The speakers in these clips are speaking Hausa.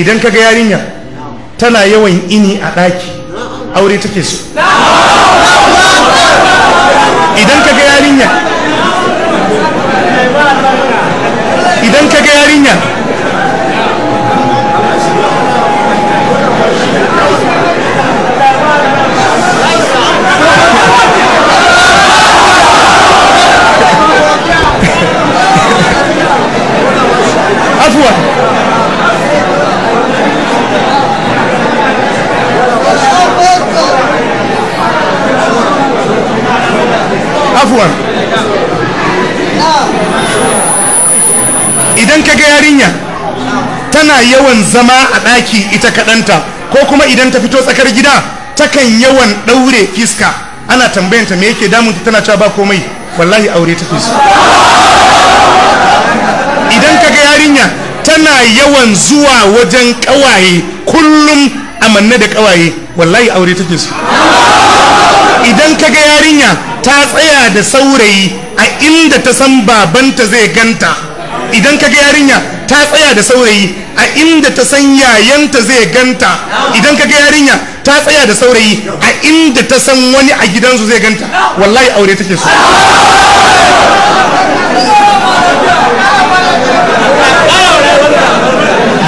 idan ga yarinya tana yawan ini a ɗaki aure take so idan ka ga yarinya tana yawan zama a ɗaki ita kaɗanta ko kuma idan ta fito tsakar gida takan yawan ɗaure fiska ana tambayanta me yake damunta tana cewa ba komai wallahi aure ta fiso idan ka ga yarinya tana yawan zuwa wajen ƙawaye kullum amanne da ƙawaye wallahi aure ta so idan ka ga yarinya ta tsaya da saurayi a inda ta san babanta zai ganta idan ka ga yarinya ta tsaya da saurayi a inda ta san yayanta zai ganta idan ka ga yarinya ta tsaya da saurayi a inda ta san wani a gidansu zai ganta wallahi aure take so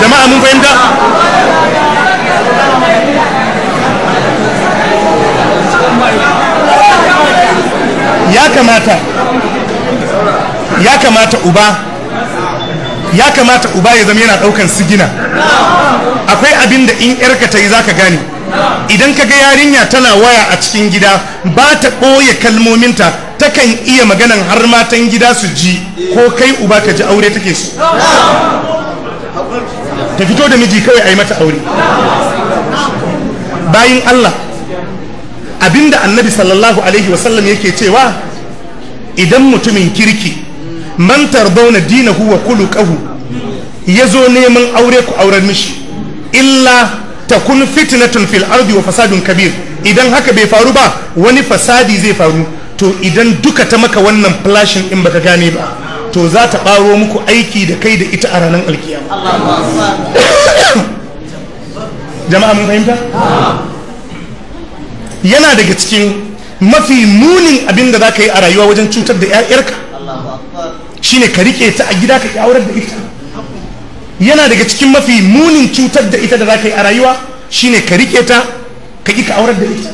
jama'a mun fahimta ya kamata ya kamata uba ya kamata uba ya zama yana daukan sigina akwai abin da in yarka ta yi ka gane idan ka ga yarinya tana waya a cikin gida ba ta ɓoye kalmominta takan iya maganan har matan gida su ji ko kai uba ka ji aure take su ta fito da miji kawai a yi mata aure bayin Allah abinda annabi sallallahu alaihi wasallam yake cewa idan mutumin kirki man huwa Kulu wa ya zo neman aure ku auren mishi illa takun fitnatun fil ardi wa fasadun kabir idan haka bai faru ba wani fasadi zai faru to idan duka ta maka wannan flashing in baka gane ba to za ta ɓaro muku aiki da kai da ita a ranar alkiyama jama'a mun fahimta yana daga cikin mafi munin abin da za ka yi a rayuwa wajen cutar da 'ya'yarka shine ka rike ta a gida ka kyawar da ita yana daga cikin mafi munin cutar da ita da za ka yi a rayuwa shine ka rike ta ka ki ka aurar da ita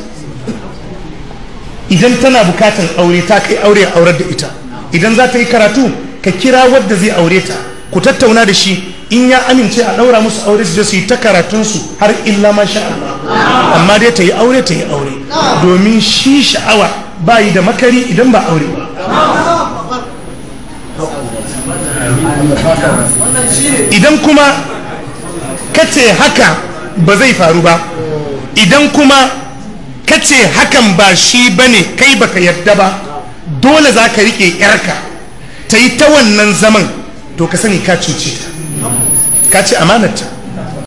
idan tana bukatar aure ta kai aure a aurar da ita idan za ta yi karatu ka kira wadda zai aure ta ku tattauna da shi in ya amince a ɗaura musu aure su je su yi ta karatunsu har illa masha Allah amma dai ta yi aure ta yi aure domin shi sha'awa ba yi da makari idan ba aure ba idan kuma kace haka ba zai faru ba idan kuma kace hakan ba shi bane kai baka yarda ba dole za ka rike yarka ta yi ta wannan zaman to ka sani ka cuce ta ka ce ta